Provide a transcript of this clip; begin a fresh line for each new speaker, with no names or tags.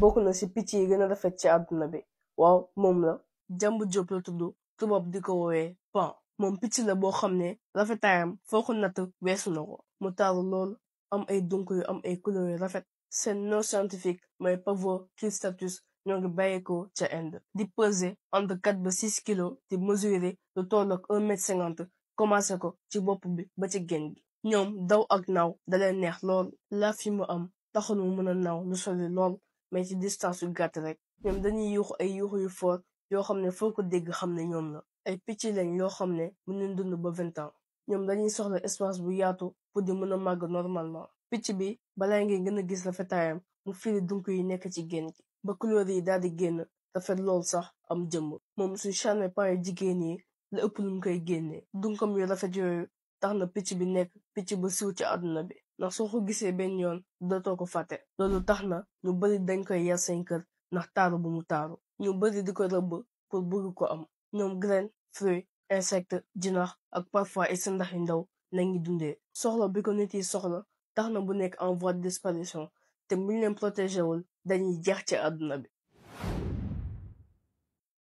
bokk na ci picc yi gën a rafet ci àdduna bi waaw moom la Jambu Jóob la tudd tubaab di ko woowee pan moom picc la boo xam ne rafetaayam foo ko natt weesu na ko mu taaru lool am ay dunk yu am ay couleur yu rafet seen nom scientifique mooy pavot cristatus ñoo ngi bàyyeekoo ca Inde di peser entre quatre ba six kilos di mesurer lu toll ak un mètre cinquante commencé ko ci bopp bi ba ci génn gi ñoom daw ak naaw da neex lool laaf yi mu am taxu mu mën a naaw lu soli lool mais ci distance yu gàtt rek ñoom dañuy yuux ay yuux yu fort yoo xam ne foo ko dégg xam ne ñoom la ay picc lañ yoo xam ne mën nañ dund ba vingt ans ñoom dañuy soxla espace bu yaatu pour di mën a màgg normalement picc bi balaa ngay gën a gis rafetaayam mu firi dunk yi nekk ci génn gi ba couleur yi daal di génn rafet lool sax am jëmm moom su charme pare jigéen yi la ëpp lu mu koy dunkam yu rafet yooyu tax na picc bi nekk picc bu siw ci àdduna bi ndax soo ko gisee benn yoon dootoo ko fàtte loolu tax na ñu bari dañ koy yar seen kër ndax taaru bu mu taaru ñu bari di ko rëbb pour bëgg ko am ñoom graine fruit insecte jinax ak parfois ay sëndax yu ndaw lañuy dundee soxla bi ko nit yi soxla tax na bu nekk en voie de disparition te mu leen protégé wul dañuy jeex ci àdduna bi